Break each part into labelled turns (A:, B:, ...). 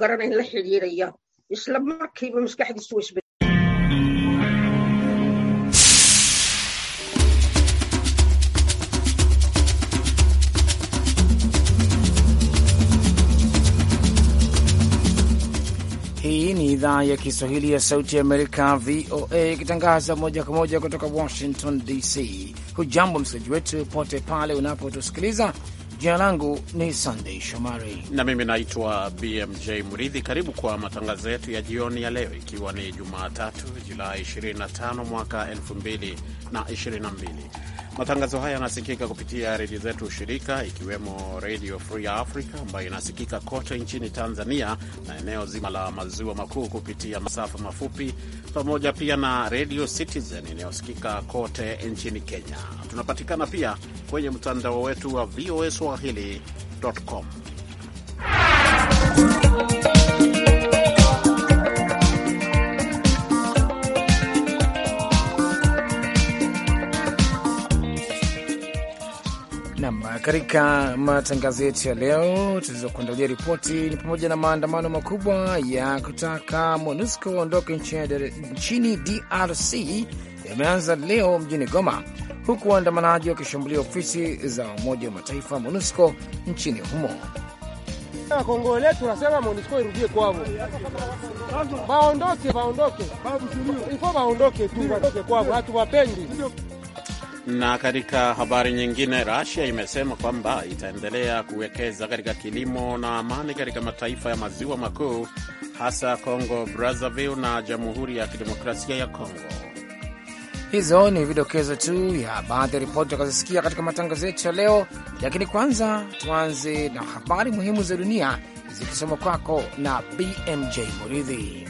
A: garan in la xidhiidhaya isla markiiba maskaxdiisu way isbedel
B: Hii ni idhaa ya Kiswahili ya Sauti ya Amerika, VOA, ikitangaza moja kwa moja kutoka Washington DC. Hujambo msikilizaji wetu pote pale unapotusikiliza Jina langu ni sandey Shomari
C: na mimi naitwa BMJ Mridhi. Karibu kwa matangazo yetu ya jioni ya leo, ikiwa ni Jumatatu Julai 25 mwaka 2022. Matangazo haya yanasikika kupitia redio zetu shirika, ikiwemo Redio Free Africa ambayo inasikika kote nchini Tanzania na eneo zima la maziwa makuu kupitia masafa mafupi, pamoja pia na Redio Citizen inayosikika kote nchini Kenya. Tunapatikana pia kwenye mtandao wetu wa VOA Swahili.com.
B: katika matangazo yetu ya leo tulizokuandalia ripoti ni pamoja na maandamano makubwa ya kutaka MONUSCO waondoke nchini DRC yameanza leo mjini Goma, huku waandamanaji wakishambulia ofisi za Umoja wa Mataifa MONUSCO nchini humo.
D: MONUSCO irudie ifo tu, hatuwapendi.
C: Na katika habari nyingine, Russia imesema kwamba itaendelea kuwekeza katika kilimo na amani katika mataifa ya maziwa makuu hasa Congo Brazzaville na Jamhuri ya Kidemokrasia ya Kongo.
B: Hizo ni vidokezo tu ya baadhi ya ripoti takazosikia katika matangazo yetu ya leo, lakini kwanza tuanze na habari muhimu za dunia zikisoma kwako na BMJ Muridhi.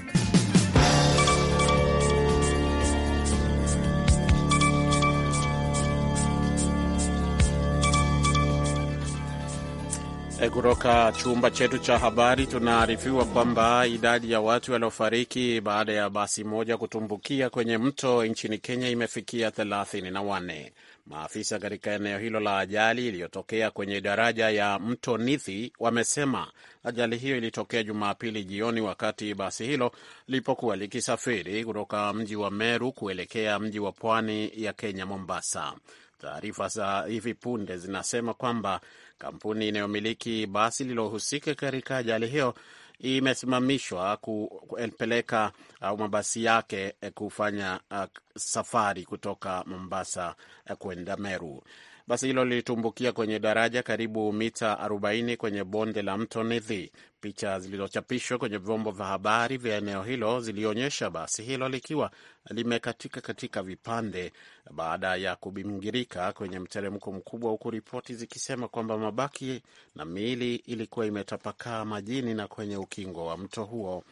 C: Eh, kutoka chumba chetu cha habari tunaarifiwa kwamba idadi ya watu waliofariki baada ya basi moja kutumbukia kwenye mto nchini Kenya imefikia thelathini na wanne. Maafisa katika eneo hilo la ajali iliyotokea kwenye daraja ya mto Nithi wamesema ajali hiyo ilitokea Jumapili jioni wakati basi hilo lilipokuwa likisafiri kutoka mji wa Meru kuelekea mji wa pwani ya Kenya, Mombasa. Taarifa za hivi punde zinasema kwamba Kampuni inayomiliki basi lililohusika katika ajali hiyo imesimamishwa kupeleka au mabasi yake eh, kufanya ah, safari kutoka Mombasa eh, kwenda Meru. Basi hilo lilitumbukia kwenye daraja karibu mita 40 kwenye bonde la mto Nithi. Picha zilizochapishwa kwenye vyombo vya habari vya eneo hilo zilionyesha basi hilo likiwa limekatika katika vipande baada ya kubingirika kwenye mteremko mkubwa, huku ripoti zikisema kwamba mabaki na miili ilikuwa imetapakaa majini na kwenye ukingo wa mto huo.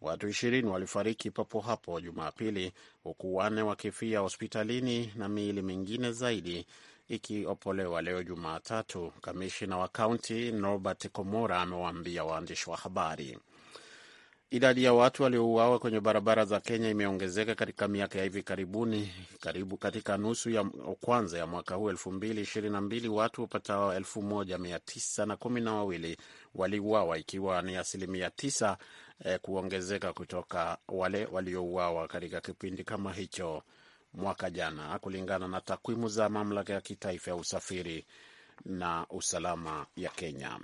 C: Watu ishirini walifariki papo hapo Jumapili, huku wanne wakifia hospitalini na miili mingine zaidi ikiopolewa leo Jumatatu. Kamishina wa kaunti Norbert Komora amewaambia waandishi wa habari. Idadi ya watu waliouawa kwenye barabara za Kenya imeongezeka katika miaka ya hivi karibuni. Karibu katika nusu ya kwanza ya mwaka huu 2022 watu wapatao 1912 waliuawa, ikiwa ni asilimia 9 eh, kuongezeka kutoka wale waliouawa katika kipindi kama hicho mwaka jana, kulingana na takwimu za mamlaka ya kitaifa ya usafiri na usalama ya Kenya.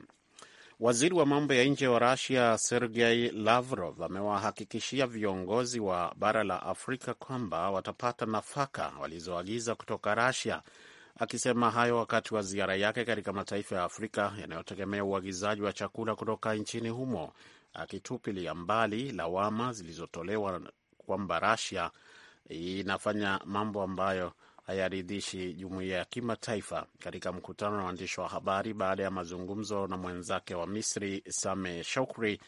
C: Waziri wa mambo ya nje wa Rusia Sergei Lavrov amewahakikishia viongozi wa bara la Afrika kwamba watapata nafaka walizoagiza kutoka Rusia, akisema hayo wakati wa ziara yake katika mataifa ya Afrika yanayotegemea uagizaji wa chakula kutoka nchini humo, akitupilia mbali lawama zilizotolewa kwamba Rusia inafanya mambo ambayo hayaridhishi jumuiya ya kimataifa. Katika mkutano na waandishi wa habari baada ya mazungumzo na mwenzake wa Misri same Shoukry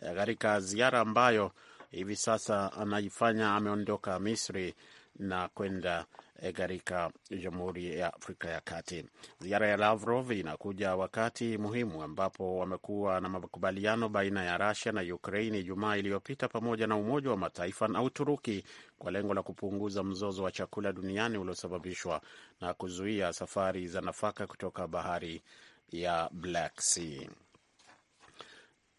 C: katika ziara ambayo hivi sasa anaifanya, ameondoka Misri na kwenda katika Jamhuri ya Afrika ya Kati. Ziara ya Lavrov inakuja wakati muhimu ambapo wamekuwa na makubaliano baina ya Rusia na Ukraini Ijumaa iliyopita pamoja na Umoja wa Mataifa na Uturuki kwa lengo la kupunguza mzozo wa chakula duniani uliosababishwa na kuzuia safari za nafaka kutoka bahari ya Black Sea.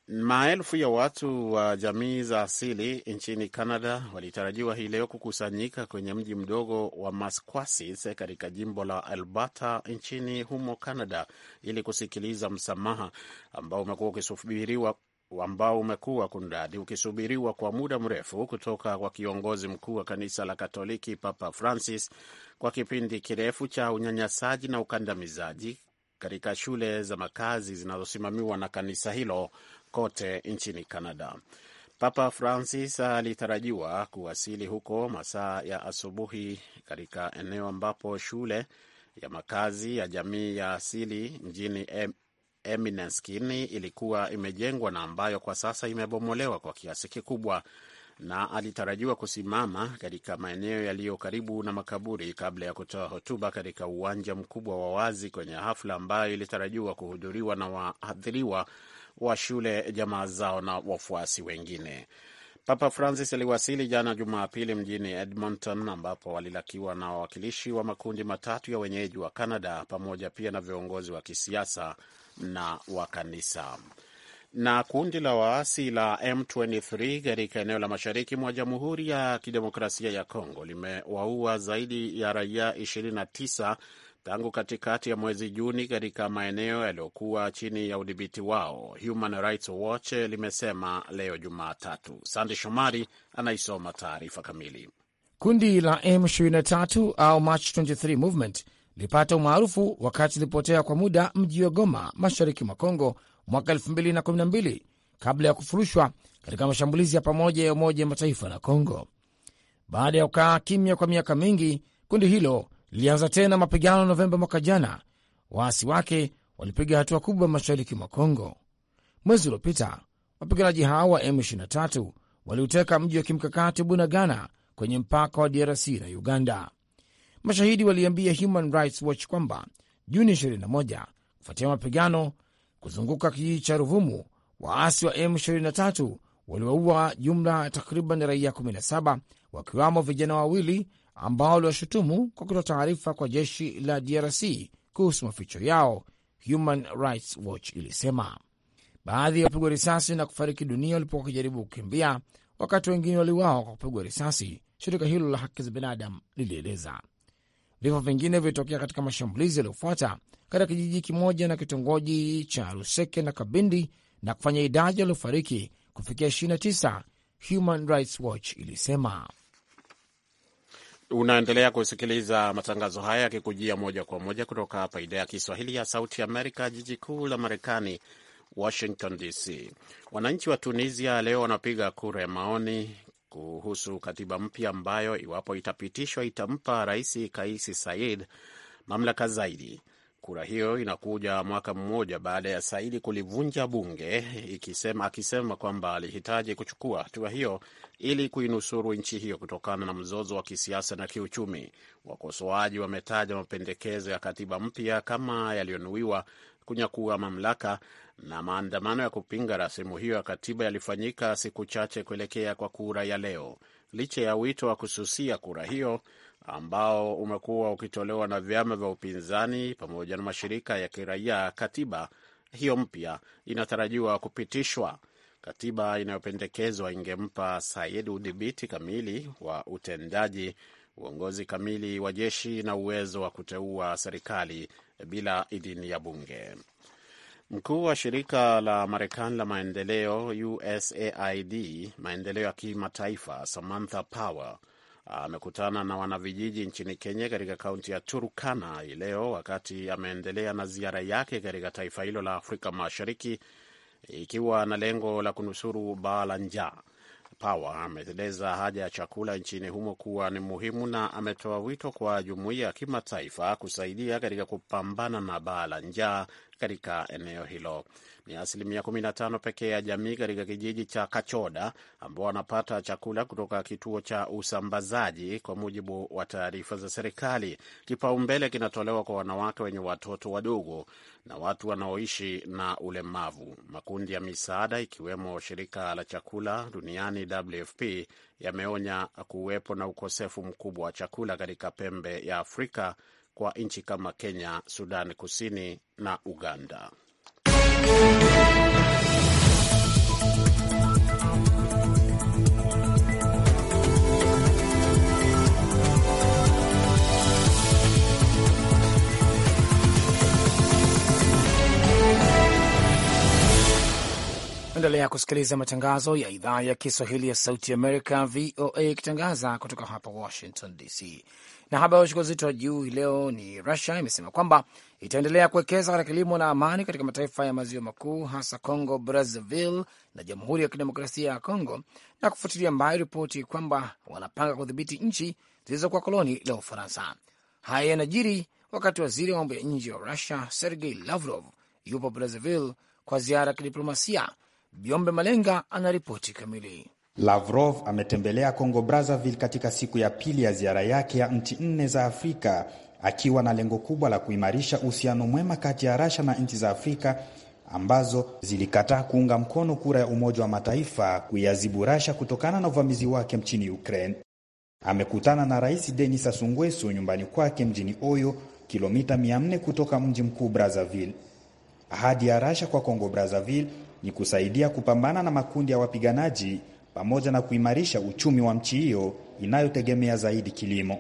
C: Maelfu ya watu wa jamii za asili nchini Canada walitarajiwa hii leo kukusanyika kwenye mji mdogo wa Masquasis katika jimbo la Alberta nchini humo Canada ili kusikiliza msamaha ambao umekuwa ukisubiriwa ambao umekuwa kundadi ukisubiriwa kwa muda mrefu kutoka kwa kiongozi mkuu wa kanisa la Katoliki Papa Francis kwa kipindi kirefu cha unyanyasaji na ukandamizaji katika shule za makazi zinazosimamiwa na kanisa hilo kote nchini Canada. Papa Francis alitarajiwa kuwasili huko masaa ya asubuhi katika eneo ambapo shule ya makazi ya jamii ya asili mjini Eminenskin ilikuwa imejengwa na ambayo kwa sasa imebomolewa kwa kiasi kikubwa, na alitarajiwa kusimama katika maeneo yaliyo karibu na makaburi kabla ya kutoa hotuba katika uwanja mkubwa wa wazi kwenye hafla ambayo ilitarajiwa kuhudhuriwa na waathiriwa wa shule jamaa zao na wafuasi wengine. Papa Francis aliwasili jana Jumapili mjini Edmonton, ambapo alilakiwa na wawakilishi wa makundi matatu ya wenyeji wa Canada pamoja pia na viongozi wa kisiasa na wa kanisa. Na kundi la waasi la M23 katika eneo la mashariki mwa Jamhuri ya Kidemokrasia ya Kongo limewaua zaidi ya raia 29 tangu katikati ya mwezi Juni katika maeneo yaliyokuwa chini ya udhibiti wao, Human Rights Watch limesema leo Jumatatu. Sande Shomari anaisoma taarifa kamili.
B: Kundi la M23 au March 23 Movement lilipata umaarufu wakati lilipotea kwa muda mji wa Goma, mashariki mwa Kongo mwaka 2012 kabla ya kufurushwa katika mashambulizi ya pamoja ya Umoja Mataifa na congo Baada ya kukaa kimya kwa miaka mingi, kundi hilo lilianza tena mapigano Novemba mwaka jana. Waasi wake walipiga hatua kubwa mashariki mwa Kongo. Mwezi uliopita wapiganaji hao wa M23 waliuteka mji wa kimkakati Bunagana kwenye mpaka wa DRC na Uganda. Mashahidi waliambia Human Rights Watch kwamba Juni 21 kufuatia mapigano kuzunguka kijiji cha Ruvumu, waasi wa M23 waliwaua jumla takriban raia 17 wakiwamo vijana wawili ambao waliwashutumu kwa kutoa taarifa kwa jeshi la DRC kuhusu maficho yao. Human Rights Watch ilisema baadhi ya wapigwa risasi na kufariki dunia walipokuwa wakijaribu kukimbia, wakati wengine waliwao kwa kupigwa risasi. Shirika hilo la haki za binadamu lilieleza vifo vingine vilitokea katika mashambulizi yaliyofuata katika kijiji kimoja na kitongoji cha Ruseke na Kabindi na kufanya idadi waliofariki kufikia 29, Human Rights Watch ilisema.
C: Unaendelea kusikiliza matangazo haya yakikujia moja kwa moja kutoka hapa idhaa ya Kiswahili ya Sauti Amerika, jiji kuu la Marekani, Washington DC. Wananchi wa Tunisia leo wanapiga kura ya maoni kuhusu katiba mpya ambayo iwapo itapitishwa itampa Rais Kais Saied mamlaka zaidi. Kura hiyo inakuja mwaka mmoja baada ya Saidi kulivunja bunge ikisema, akisema kwamba alihitaji kuchukua hatua hiyo ili kuinusuru nchi hiyo kutokana na mzozo wa kisiasa na kiuchumi. Wakosoaji wametaja mapendekezo ya katiba mpya kama yaliyonuiwa kunyakua mamlaka, na maandamano ya kupinga rasimu hiyo ya katiba yalifanyika siku chache kuelekea kwa kura ya leo, licha ya wito wa kususia kura hiyo ambao umekuwa ukitolewa na vyama vya upinzani pamoja na mashirika ya kiraia. Katiba hiyo mpya inatarajiwa kupitishwa Katiba inayopendekezwa ingempa Sayid udhibiti kamili wa utendaji, uongozi kamili wa jeshi na uwezo wa kuteua serikali bila idhini ya bunge. Mkuu wa shirika la Marekani la maendeleo USAID maendeleo ya kimataifa Samantha Power amekutana na wanavijiji nchini Kenya katika kaunti ya turukana hii leo wakati ameendelea na ziara yake katika taifa hilo la Afrika Mashariki ikiwa na lengo la kunusuru baa la njaa. Power ameeleza haja ya chakula nchini humo kuwa ni muhimu na ametoa wito kwa jumuiya ya kimataifa kusaidia katika kupambana na baa la njaa katika eneo hilo. Ni asilimia 15 pekee ya jamii katika kijiji cha Kachoda ambao wanapata chakula kutoka kituo cha usambazaji, kwa mujibu wa taarifa za serikali. Kipaumbele kinatolewa kwa wanawake wenye watoto wadogo na watu wanaoishi na ulemavu. Makundi ya misaada ikiwemo shirika la chakula duniani WFP yameonya kuwepo na ukosefu mkubwa wa chakula katika pembe ya Afrika kwa nchi kama Kenya, Sudan Kusini na Uganda.
B: Endelea kusikiliza matangazo ya idhaa ya Kiswahili ya Sauti Amerika, VOA, ikitangaza kutoka hapa Washington DC. Na habari ya uzito wa juu hii leo ni Rusia imesema kwamba itaendelea kuwekeza katika kilimo na amani katika mataifa ya maziwa makuu, hasa Congo Brazzaville na Jamhuri ya Kidemokrasia ya Congo, na kufuatilia mbayo ripoti kwamba wanapanga kudhibiti nchi zilizokuwa koloni la Ufaransa. Haya yanajiri wakati waziri wa mambo ya nje wa Rusia Sergei Lavrov yupo Brazzaville kwa ziara ya kidiplomasia Biombe Malenga ana ripoti kamili.
E: Lavrov ametembelea Kongo Brazzaville katika siku ya pili ya ziara yake ya nchi nne za Afrika akiwa na lengo kubwa la kuimarisha uhusiano mwema kati ya Russia na nchi za Afrika ambazo zilikataa kuunga mkono kura ya Umoja wa Mataifa kuiadhibu Russia kutokana na uvamizi wake nchini Ukraine. Amekutana na Rais Denis Sassou Nguesso nyumbani kwake mjini Oyo, kilomita 400 kutoka mji mkuu Brazzaville. Ahadi ya Russia kwa congo Brazzaville ni kusaidia kupambana na makundi ya wapiganaji pamoja na kuimarisha uchumi wa nchi hiyo inayotegemea zaidi kilimo.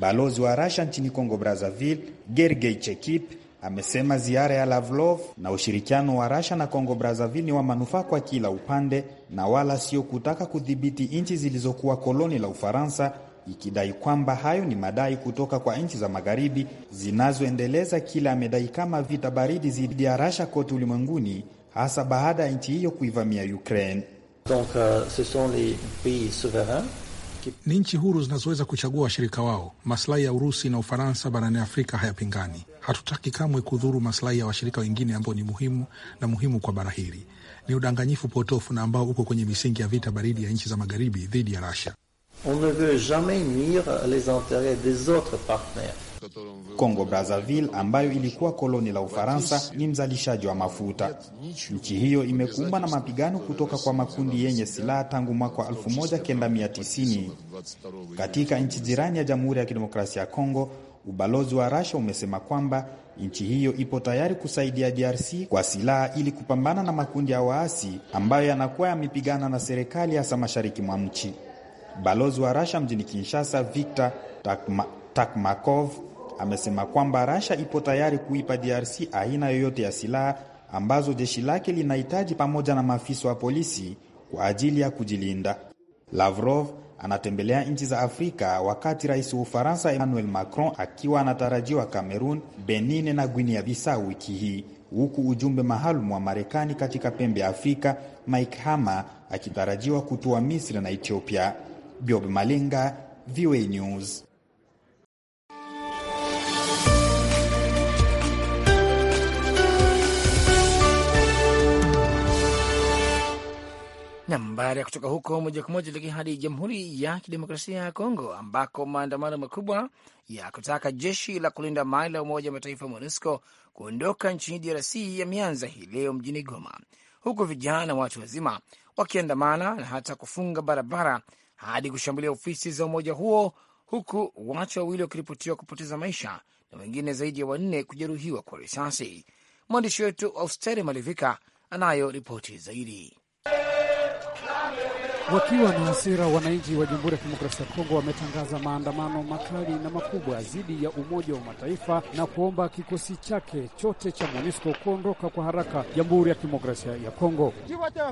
E: Balozi wa rasha nchini Kongo Brazzaville, Gergey Chekip, amesema ziara ya Lavrov na ushirikiano wa rasha na Kongo Brazzaville ni wa manufaa kwa kila upande na wala sio kutaka kudhibiti nchi zilizokuwa koloni la Ufaransa, ikidai kwamba hayo ni madai kutoka kwa nchi za magharibi zinazoendeleza kile amedai kama vita baridi dhidi ya rasha kote ulimwenguni hasa baada ya nchi hiyo kuivamia Ukraine.
F: Donc, uh, ce sont les pays souverains
E: ni nchi huru zinazoweza kuchagua washirika wao. Maslahi ya Urusi na Ufaransa barani Afrika hayapingani. Hatutaki kamwe kudhuru maslahi ya washirika wengine ambao ni muhimu na muhimu kwa bara hili. Ni udanganyifu potofu na ambao uko kwenye misingi ya vita baridi ya nchi za magharibi dhidi ya Rasia.
G: On ne veut jamais nuire les
F: intérêts des autres partenaires
E: Kongo Brazzaville ambayo ilikuwa koloni la Ufaransa ni mzalishaji wa mafuta. Nchi hiyo imekumbwa na mapigano kutoka kwa makundi yenye silaha tangu mwaka wa 1990. Katika nchi jirani ya Jamhuri ya Kidemokrasia ya Kongo, ubalozi wa Russia umesema kwamba nchi hiyo ipo tayari kusaidia DRC kwa silaha ili kupambana na makundi ya waasi ambayo yanakuwa yamepigana na serikali hasa mashariki mwa nchi. Balozi wa Russia mjini Kinshasa Victor Takma Takmakov amesema kwamba Rasha ipo tayari kuipa DRC aina yoyote ya silaha ambazo jeshi lake linahitaji pamoja na maafisa wa polisi kwa ajili ya kujilinda. Lavrov anatembelea nchi za Afrika wakati rais wa Ufaransa Emmanuel Macron akiwa anatarajiwa Cameroon, Benin na Guinea Bissau wiki hii, huku ujumbe maalum wa Marekani katika pembe ya Afrika Mike Hammer akitarajiwa kutua Misri na Ethiopia. Bob Malinga, VOA News.
B: Baada ya kutoka huko moja kwa moja tuelekea hadi Jamhuri ya Kidemokrasia ya Kongo ambako maandamano makubwa ya kutaka jeshi la kulinda amani la Umoja wa Mataifa MONUSCO kuondoka nchini DRC yameanza hii leo mjini Goma, huku vijana na watu wazima wakiandamana na hata kufunga barabara hadi kushambulia ofisi za umoja huo, huku watu wawili wakiripotiwa kupoteza maisha na wengine zaidi ya wanne kujeruhiwa kwa risasi. Mwandishi wetu Austeri Malivika anayo ripoti zaidi.
D: Wakiwa na hasira, wananchi wa Jamhuri ya Kidemokrasia ya Kongo wametangaza maandamano makali na makubwa dhidi ya Umoja wa Mataifa na kuomba kikosi chake chote cha MONUSCO kuondoka kwa haraka Jamhuri ya Kidemokrasia ya Kongo.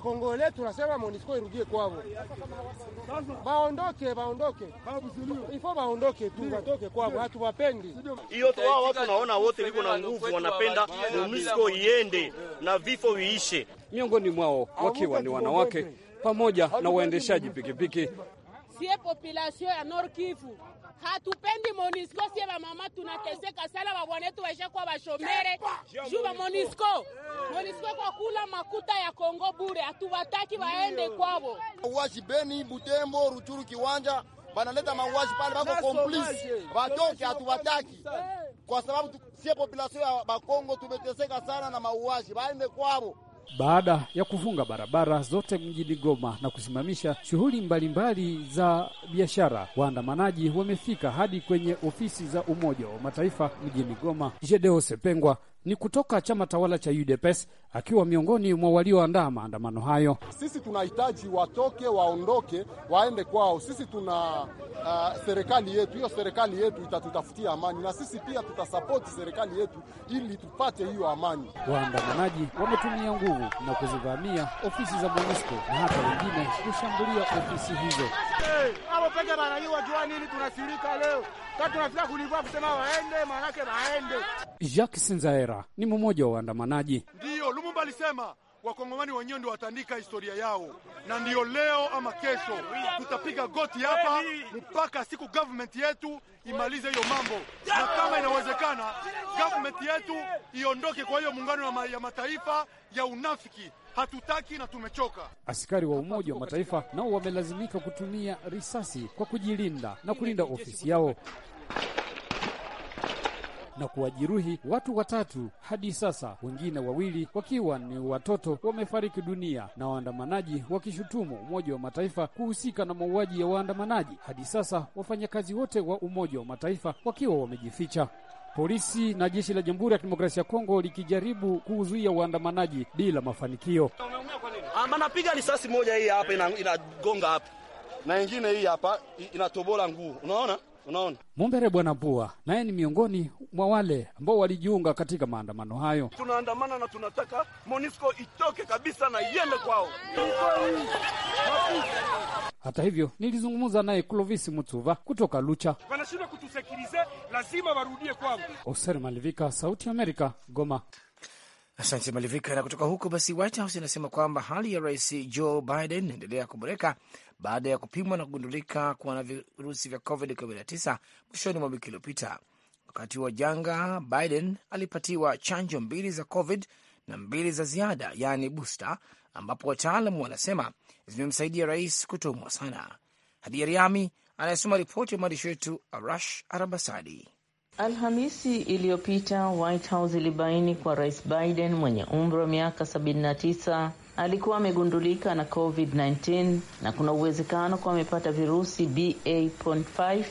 D: Kongo letu nasema MONUSCO irudie kwao, baondoke, baondoke ifo, baondoke
E: tu, watoke kwao, hatuwapendi
F: hiyo. Wao watu naona wote liko na nguvu, wanapenda
D: MONUSCO iende na vifo viishe miongoni mwao, wakiwa ni wanawake pamoja na waendeshaji pikipiki.
A: Sie population ya Nord Kivu hatupendi Monisco, sie ba mama tunateseka sana, waisha kwa bashomere juu ba Monisco. Monisco kwa kula makuta ya Kongo bure, hatuwataki waende
G: kwabo. Uwashi Beni, Butembo, Ruchuru, Kiwanja banaleta mauaji pale, bako complice batoke, hatuwataki kwa sababu sie population ya Bakongo tumeteseka sana na mauaji, baende kwabo
D: baada ya kufunga barabara zote mjini Goma na kusimamisha shughuli mbalimbali za biashara. Waandamanaji wamefika hadi kwenye ofisi za Umoja wa Mataifa mjini Goma. Jedeo Sepengwa, ni kutoka chama tawala cha UDPS akiwa miongoni mwa walioandaa maandamano hayo.
G: Sisi tunahitaji watoke, waondoke, waende kwao. Sisi tuna uh, serikali yetu, hiyo serikali yetu itatutafutia amani na sisi pia tutasapoti serikali yetu ili tupate hiyo amani.
D: Waandamanaji wametumia nguvu na kuzivamia ofisi za MONUSCO na hata wengine kushambulia ofisi hizo.
G: Hey, hapo peke baraia tunafika kulivua kusema waende, maanake waende.
D: Jacques Sinzaera Ouattara ni mmoja wa waandamanaji.
G: Ndiyo Lumumba alisema wakongomani wenyewe ndio wataandika historia yao,
H: na ndiyo leo ama kesho tutapiga goti hapa mpaka siku government yetu imalize hiyo mambo, na kama inawezekana government yetu iondoke kwa hiyo muungano ya mataifa ya unafiki. Hatutaki na tumechoka.
D: Askari wa Umoja wa Mataifa nao wamelazimika kutumia risasi kwa kujilinda na kulinda ofisi yao na kuwajeruhi watu watatu hadi sasa, wengine wawili wakiwa ni watoto wamefariki dunia, na waandamanaji wakishutumu Umoja wa Mataifa kuhusika na mauaji ya waandamanaji. Hadi sasa wafanyakazi wote wa Umoja wa Mataifa wakiwa wamejificha. Polisi na jeshi la Jamhuri ya Kidemokrasia ya Kongo likijaribu kuzuia waandamanaji bila mafanikio.
F: Ah, Anapiga risasi moja, hii hapa inagonga hapa na ingine hii hapa inatobola nguo, unaona Unaona,
D: Mumbere Bwana Bua naye ni miongoni mwa wale ambao walijiunga katika maandamano hayo.
F: Tunaandamana na tunataka Monisco itoke kabisa na iende kwao.
D: Hata hivyo nilizungumza naye Clovis Mutuva kutoka Lucha.
F: Wanashindwa
E: kutusekirize, lazima warudie kwao.
B: Oser Malivika, Sauti Amerika, Goma. Asante Malivika. Na kutoka huko basi, White House inasema kwamba hali ya rais Joe Biden inaendelea kuboreka baada ya kupimwa na kugundulika kuwa na virusi vya COVID-19 mwishoni mwa wiki iliyopita. Wakati wa janga, Biden alipatiwa chanjo mbili za COVID na mbili za ziada, yaani booster, ambapo wataalamu wanasema zimemsaidia rais kutoumwa sana. Hadi Yariami anayesoma ripoti ya mwandishi wetu Arash Arabasadi.
A: Alhamisi iliyopita White House ilibaini kwa Rais Biden mwenye umri wa miaka 79 alikuwa amegundulika na COVID-19 na kuna uwezekano kuwa amepata virusi BA.5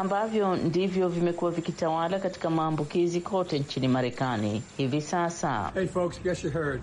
A: ambavyo ndivyo vimekuwa vikitawala katika maambukizi kote nchini Marekani hivi sasa. Hey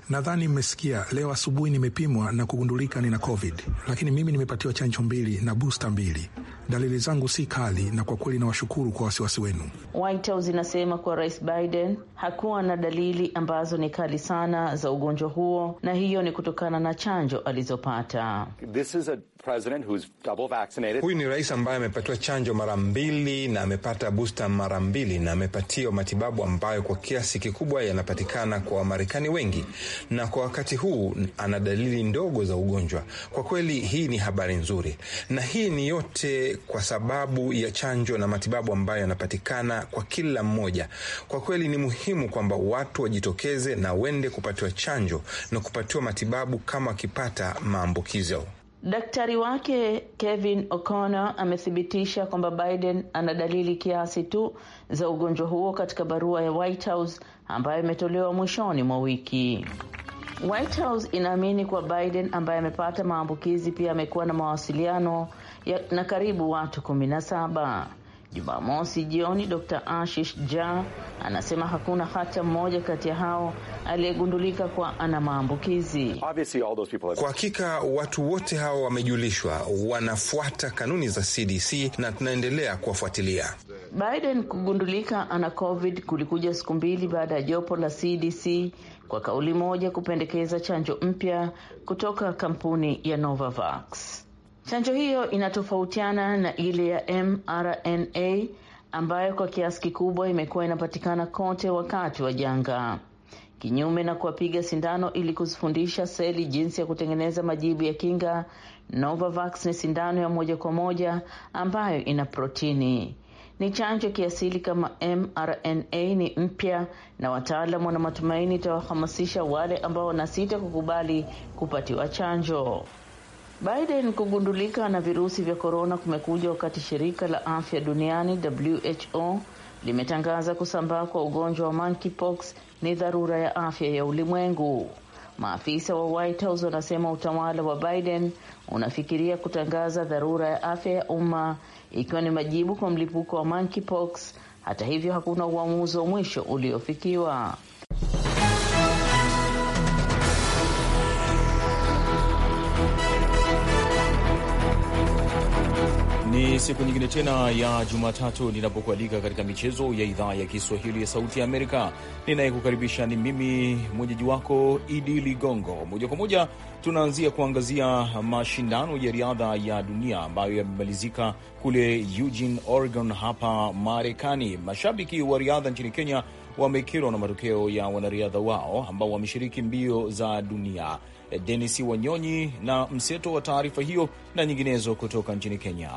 E: Nadhani mmesikia leo asubuhi nimepimwa na kugundulika nina COVID, lakini mimi nimepatiwa chanjo mbili na busta mbili. Dalili zangu si kali, na kwa kweli
F: nawashukuru kwa wasiwasi wenu.
A: White House inasema kuwa Rais Biden hakuwa na dalili ambazo ni kali sana za ugonjwa huo, na hiyo ni kutokana na chanjo alizopata.
E: This is a president who's double vaccinated. Huyu ni rais ambaye amepatiwa chanjo mara mbili mbili na amepata busta mara mbili na amepatiwa matibabu ambayo kwa kiasi kikubwa yanapatikana kwa Wamarekani wengi, na kwa wakati huu ana dalili ndogo za ugonjwa. Kwa kweli hii ni habari nzuri, na hii ni yote kwa sababu ya chanjo na matibabu ambayo yanapatikana kwa kila mmoja. Kwa kweli ni muhimu kwamba watu wajitokeze na wende kupatiwa chanjo na kupatiwa matibabu kama wakipata maambukizo.
A: Daktari wake Kevin O'Connor amethibitisha kwamba Biden ana dalili kiasi tu za ugonjwa huo katika barua ya White House ambayo imetolewa mwishoni mwa wiki. White House inaamini kuwa Biden ambaye amepata maambukizi pia amekuwa na mawasiliano ya na karibu watu kumi na saba. Jumamosi jioni, Dr Ashish Jha anasema hakuna hata mmoja kati ya hao aliyegundulika kwa ana maambukizi.
E: Kwa hakika watu wote hao wamejulishwa, wanafuata kanuni za CDC na tunaendelea kuwafuatilia.
A: Biden kugundulika ana COVID kulikuja siku mbili baada ya jopo la CDC kwa kauli moja kupendekeza chanjo mpya kutoka kampuni ya Novavax. Chanjo hiyo inatofautiana na ile ya mRNA ambayo kwa kiasi kikubwa imekuwa inapatikana kote wakati wa janga. Kinyume na kuwapiga sindano ili kuzifundisha seli jinsi ya kutengeneza majibu ya kinga, Novavax ni sindano ya moja kwa moja ambayo ina protini. Ni chanjo kiasili kama mRNA, ni mpya na wataalamu wana matumaini itawahamasisha wale ambao wanasita kukubali kupatiwa chanjo. Biden kugundulika na virusi vya korona kumekuja wakati shirika la afya duniani WHO limetangaza kusambaa kwa ugonjwa wa monkeypox ni dharura ya afya ya ulimwengu. Maafisa wa White House wanasema utawala wa Biden unafikiria kutangaza dharura ya afya ya umma ikiwa ni majibu kwa mlipuko wa monkeypox. Hata hivyo, hakuna uamuzi wa mwisho uliofikiwa.
H: Ni siku nyingine tena ya Jumatatu ninapokualika katika michezo ya idhaa ya Kiswahili ya Sauti ya Amerika. Ninayekukaribisha ni mimi mwenyeji wako Idi Ligongo. Moja kwa moja tunaanzia kuangazia mashindano ya riadha ya dunia ambayo yamemalizika kule Eugene, Oregon hapa Marekani. Mashabiki wa riadha nchini Kenya wamekerwa na matokeo ya wanariadha wao ambao wameshiriki mbio za dunia. Denis Wanyonyi na mseto wa taarifa hiyo na nyinginezo kutoka nchini Kenya.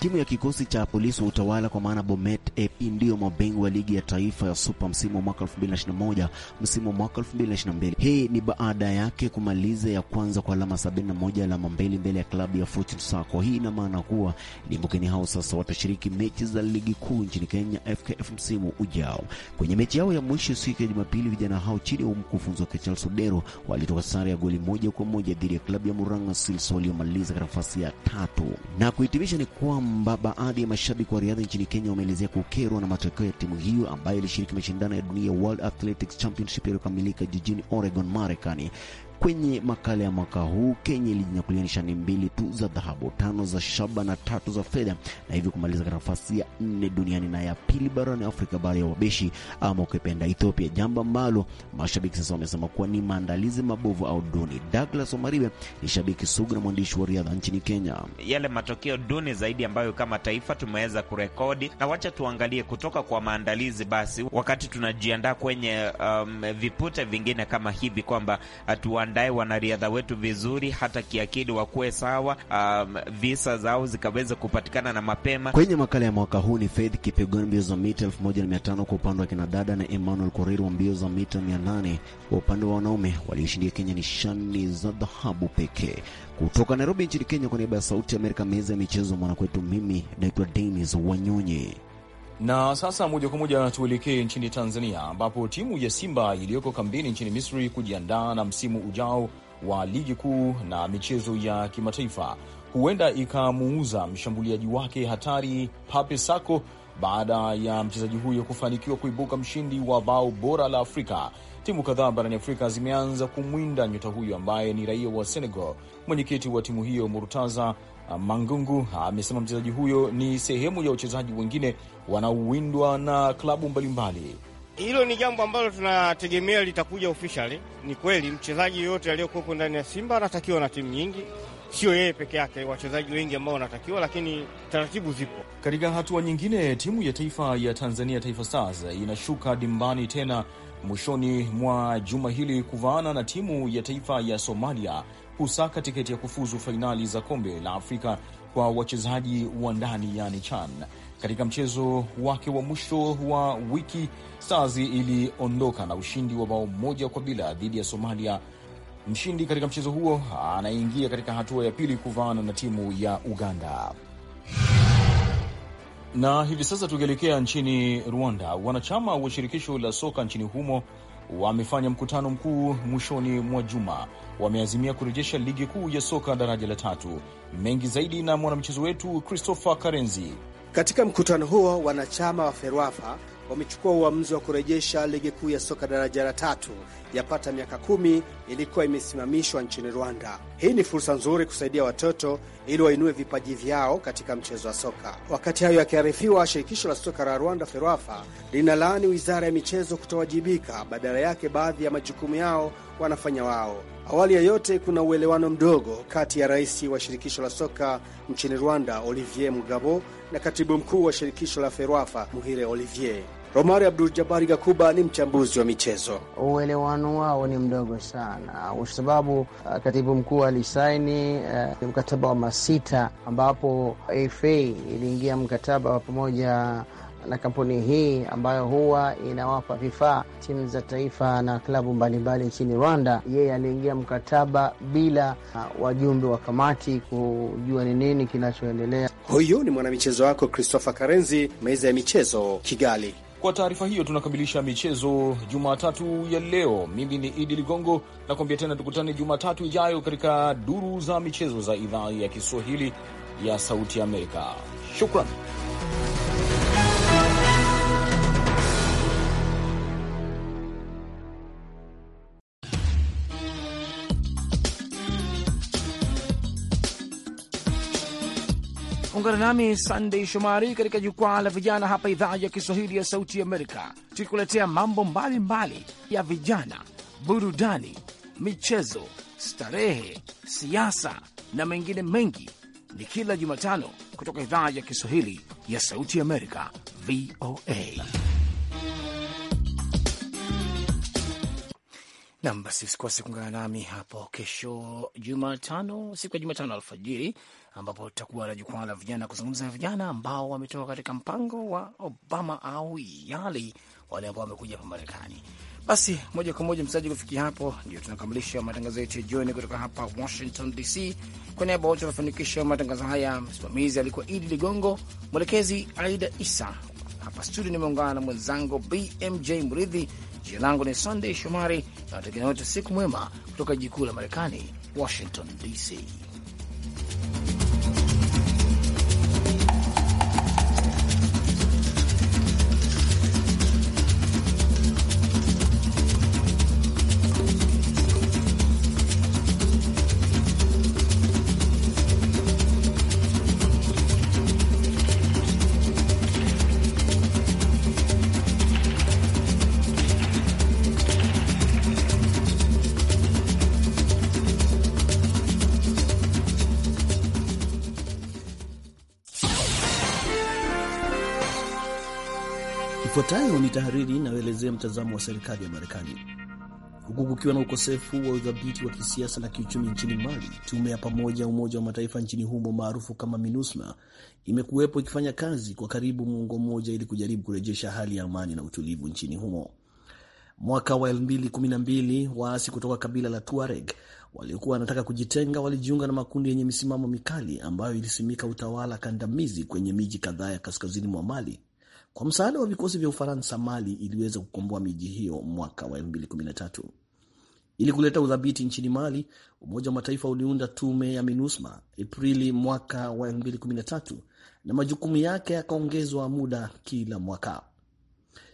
G: Timu ya kikosi cha polisi wa utawala kwa maana Bomet ndio mabingwa wa ligi ya taifa ya Super msimu wa mwaka 2021 msimu wa mwaka 2022. Hii ni baada yake kumaliza ya kwanza kwa alama 71, alama mbili mbele ya klabu ya Fortune Sacco. Hii ina maana kuwa Limbukeni hao sasa watashiriki mechi za ligi kuu nchini Kenya FKF msimu ujao. Kwenye mechi yao ya mwisho siku ya Jumapili, vijana hao chini ya umkufunzi wa Charles Odero walitoka sare ya goli moja kwa moja dhidi ya klabu ya Murang'a Seals waliomaliza katika nafasi ya tatu, na kuhitimisha ni kwamba baadhi ya mashabiki wa riadha nchini Kenya wameelezea kuke kukerwa na matokeo ya timu hiyo ambayo ilishiriki mashindano ya dunia World Athletics Championship yaliyokamilika jijini Oregon, Marekani Kwenye makala ya mwaka huu Kenya ilijinyakulia nishani mbili tu za dhahabu, tano za shaba na tatu za fedha, na hivyo kumaliza katika nafasi ya nne duniani na ya pili barani Afrika baada ya wabeshi ama ukipenda Ethiopia, jambo ambalo mashabiki sasa wamesema kuwa ni maandalizi mabovu au duni. Douglas Omaribe ni shabiki sugu na mwandishi wa riadha nchini Kenya. Yale matokeo duni zaidi ambayo kama taifa tumeweza kurekodi, na wacha tuangalie kutoka kwa maandalizi basi, wakati tunajiandaa kwenye um, vipute vingine kama hivi kwamba hatua tuwaandae wanariadha wetu vizuri, hata kiakili wakuwe sawa, um, visa zao zikaweza kupatikana na mapema. Kwenye makala ya mwaka huu ni Faith Kipyegon mbio za mita 1500 kwa upande wa kinadada na Emmanuel Korir wa mbio za mita 800 kwa upande wa wanaume walioshindia Kenya nishani za dhahabu pekee. Kutoka Nairobi nchini Kenya, kwa niaba ya Sauti ya Amerika, meza ya michezo mwanakwetu, mimi naitwa Dennis Wanyonyi.
H: Na sasa moja kwa moja tuelekee nchini Tanzania ambapo timu ya Simba iliyoko kambini nchini Misri kujiandaa na msimu ujao wa ligi kuu na michezo ya kimataifa huenda ikamuuza mshambuliaji wake hatari Pape Sako baada ya mchezaji huyo kufanikiwa kuibuka mshindi wa bao bora la Afrika Timu kadhaa barani Afrika zimeanza kumwinda nyota huyo ambaye ni raia wa Senegal. Mwenyekiti wa timu hiyo Murtaza Mangungu amesema mchezaji huyo ni sehemu ya wachezaji wengine wanaowindwa na klabu mbalimbali.
E: Hilo ni jambo ambalo tunategemea litakuja officially. Ni kweli mchezaji yoyote aliyokuwepo ndani ya Simba anatakiwa na timu nyingi, sio yeye peke yake, wachezaji wengi ambao wanatakiwa, lakini taratibu zipo.
H: Katika hatua nyingine, timu ya taifa ya Tanzania, Taifa Stars, inashuka dimbani tena mwishoni mwa juma hili kuvaana na timu ya taifa ya Somalia kusaka tiketi ya kufuzu fainali za kombe la Afrika kwa wachezaji wa ndani yani CHAN. Katika mchezo wake wa mwisho wa wiki, Stars iliondoka na ushindi wa bao moja kwa bila dhidi ya Somalia. Mshindi katika mchezo huo anaingia katika hatua ya pili kuvaana na timu ya Uganda. Na hivi sasa tukielekea nchini Rwanda, wanachama wa shirikisho la soka nchini humo wamefanya mkutano mkuu mwishoni mwa juma. Wameazimia kurejesha ligi kuu ya soka daraja la tatu. Mengi zaidi na mwanamchezo wetu Christopher Karenzi.
E: Katika mkutano huo wanachama wa FERWAFA wamechukua uamuzi wa kurejesha ligi kuu ya soka daraja la tatu yapata miaka kumi ilikuwa imesimamishwa nchini Rwanda. Hii ni fursa nzuri kusaidia watoto ili wainue vipaji vyao katika mchezo wa soka. Wakati hayo yakiarifiwa, shirikisho la soka la Rwanda FERWAFA linalaani wizara ya michezo kutowajibika, badala yake baadhi ya majukumu yao wanafanya wao. Awali ya yote, kuna uelewano mdogo kati ya rais wa shirikisho la soka nchini Rwanda Olivier Mugabo na katibu mkuu wa shirikisho la FERWAFA Muhire Olivier.
F: Romari Abdul Jabari Gakuba ni mchambuzi wa michezo.
G: Uelewano wao ni mdogo sana, kwa sababu uh, katibu mkuu alisaini uh, mkataba wa masita ambapo FA iliingia mkataba wa pamoja na kampuni hii ambayo huwa inawapa vifaa timu za taifa na klabu mbalimbali nchini Rwanda. Yeye aliingia mkataba bila uh, wajumbe wa kamati kujua ni nini kinachoendelea.
E: Huyu ni mwanamichezo wako Christopher Karenzi, meza ya michezo Kigali. Kwa taarifa hiyo tunakamilisha michezo
H: Jumatatu ya leo. Mimi ni Idi Ligongo, nakuambia tena tukutane Jumatatu ijayo katika duru za michezo za idhaa ya Kiswahili ya Sauti Amerika. Shukran.
B: Ungana nami Sandey Shomari katika jukwaa la vijana hapa idhaa ya Kiswahili ya Sauti Amerika, tukikuletea mambo mbalimbali mbali ya vijana, burudani, michezo, starehe, siasa na mengine mengi. Ni kila Jumatano kutoka idhaa ya Kiswahili ya Sauti Amerika, VOA. Nam, basi usikose kuungana nami hapo kesho Jumatano, siku ya Jumatano alfajiri, ambapo tutakuwa na jukwaa la vijana kuzungumza na vijana ambao wametoka katika mpango wa Obama au YALI, wale ambao wamekuja hapa Marekani. Basi moja kwa moja, msikilizaji, kufikia hapo ndio tunakamilisha matangazo yetu ya jioni kutoka hapa Washington DC. Kwa niaba wote wanafanikisha matangazo haya, msimamizi alikuwa Idi Ligongo, mwelekezi Aida Isa. Hapa studio nimeungana na mwenzangu BMJ Mridhi. Jina langu ni Sunday Shomari na watakia wote siku mwema kutoka jikuu la Marekani, Washington DC.
F: Ifuatayo ni tahariri inayoelezea mtazamo wa serikali ya Marekani. Huku kukiwa na ukosefu wa udhabiti wa kisiasa na kiuchumi nchini Mali, tume ya pamoja ya Umoja wa Mataifa nchini humo maarufu kama MINUSMA imekuwepo ikifanya kazi kwa karibu muongo mmoja ili kujaribu kurejesha hali ya amani na utulivu nchini humo. Mwaka wa 2012 waasi kutoka kabila la Tuareg waliokuwa wanataka kujitenga walijiunga na makundi yenye misimamo mikali ambayo ilisimika utawala kandamizi kwenye miji kadhaa ya kaskazini mwa Mali kwa msaada wa vikosi vya Ufaransa, Mali iliweza kukomboa miji hiyo mwaka wa 2013. Ili kuleta udhabiti nchini Mali, Umoja wa Mataifa uliunda tume ya MINUSMA Aprili mwaka wa 2013 na majukumu yake yakaongezwa muda kila mwaka.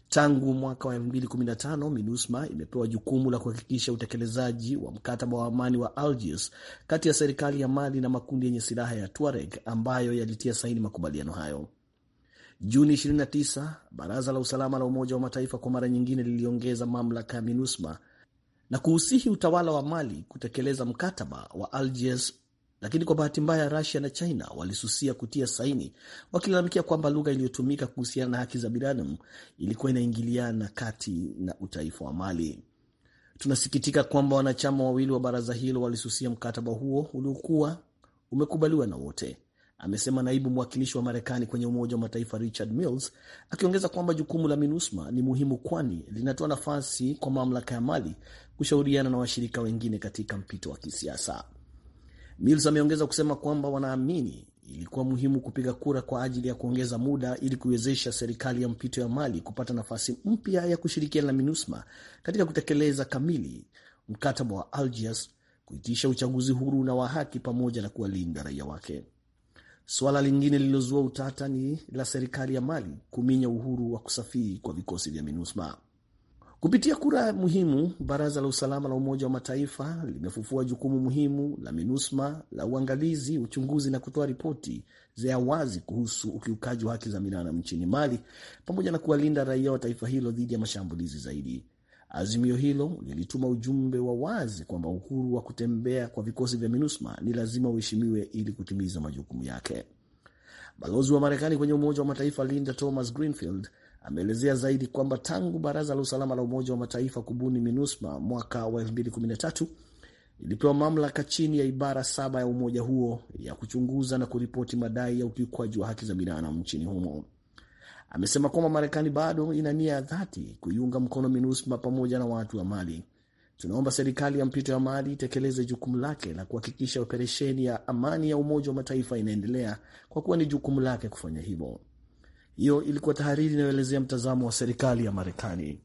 F: Tangu mwaka wa 2015 MINUSMA imepewa jukumu la kuhakikisha utekelezaji wa mkataba wa amani wa Algiers kati ya serikali ya Mali na makundi yenye silaha ya Tuareg ambayo yalitia saini makubaliano hayo. Juni 29 baraza la usalama la Umoja wa Mataifa kwa mara nyingine liliongeza mamlaka ya MINUSMA na kuhusihi utawala wa Mali kutekeleza mkataba wa Algiers, lakini kwa bahati mbaya Rusia na China walisusia kutia saini, wakilalamikia kwamba lugha iliyotumika kuhusiana na haki za binadamu ilikuwa inaingiliana kati na utaifa wa Mali. Tunasikitika kwamba wanachama wawili wa baraza hilo walisusia mkataba huo uliokuwa umekubaliwa na wote amesema naibu mwakilishi wa Marekani kwenye Umoja wa Mataifa Richard Mills, akiongeza kwamba jukumu la MINUSMA ni muhimu, kwani linatoa nafasi kwa mamlaka ya Mali kushauriana na washirika wengine katika mpito wa kisiasa. Mills ameongeza kusema kwamba wanaamini ilikuwa muhimu kupiga kura kwa ajili ya kuongeza muda ili kuiwezesha serikali ya mpito ya Mali kupata nafasi mpya ya kushirikiana na MINUSMA katika kutekeleza kamili mkataba wa Algiers, kuitisha uchaguzi huru na wa haki pamoja na kuwalinda raia wake. Suala lingine lililozua utata ni la serikali ya Mali kuminya uhuru wa kusafiri kwa vikosi vya MINUSMA. Kupitia kura muhimu, Baraza la Usalama la Umoja wa Mataifa limefufua jukumu muhimu la MINUSMA la uangalizi, uchunguzi na kutoa ripoti za wazi kuhusu ukiukaji wa haki za binadamu nchini Mali, pamoja na kuwalinda raia wa taifa hilo dhidi ya mashambulizi zaidi. Azimio hilo lilituma ujumbe wa wazi kwamba uhuru wa kutembea kwa vikosi vya MINUSMA ni lazima uheshimiwe ili kutimiza majukumu yake. Balozi wa Marekani kwenye Umoja wa Mataifa Linda Thomas Greenfield ameelezea zaidi kwamba tangu Baraza la Usalama la Umoja wa Mataifa kubuni MINUSMA mwaka wa 2013 ilipewa mamlaka chini ya ibara saba ya umoja huo ya kuchunguza na kuripoti madai ya ukiukwaji wa haki za binadamu nchini humo amesema kwamba Marekani bado ina nia ya dhati kuiunga mkono MINUSMA pamoja na watu wa Mali. Tunaomba serikali ya mpito ya Mali itekeleze jukumu lake la kuhakikisha operesheni ya amani ya Umoja wa Mataifa inaendelea kwa kuwa ni jukumu lake kufanya hivyo. Hiyo ilikuwa tahariri inayoelezea mtazamo wa serikali ya Marekani.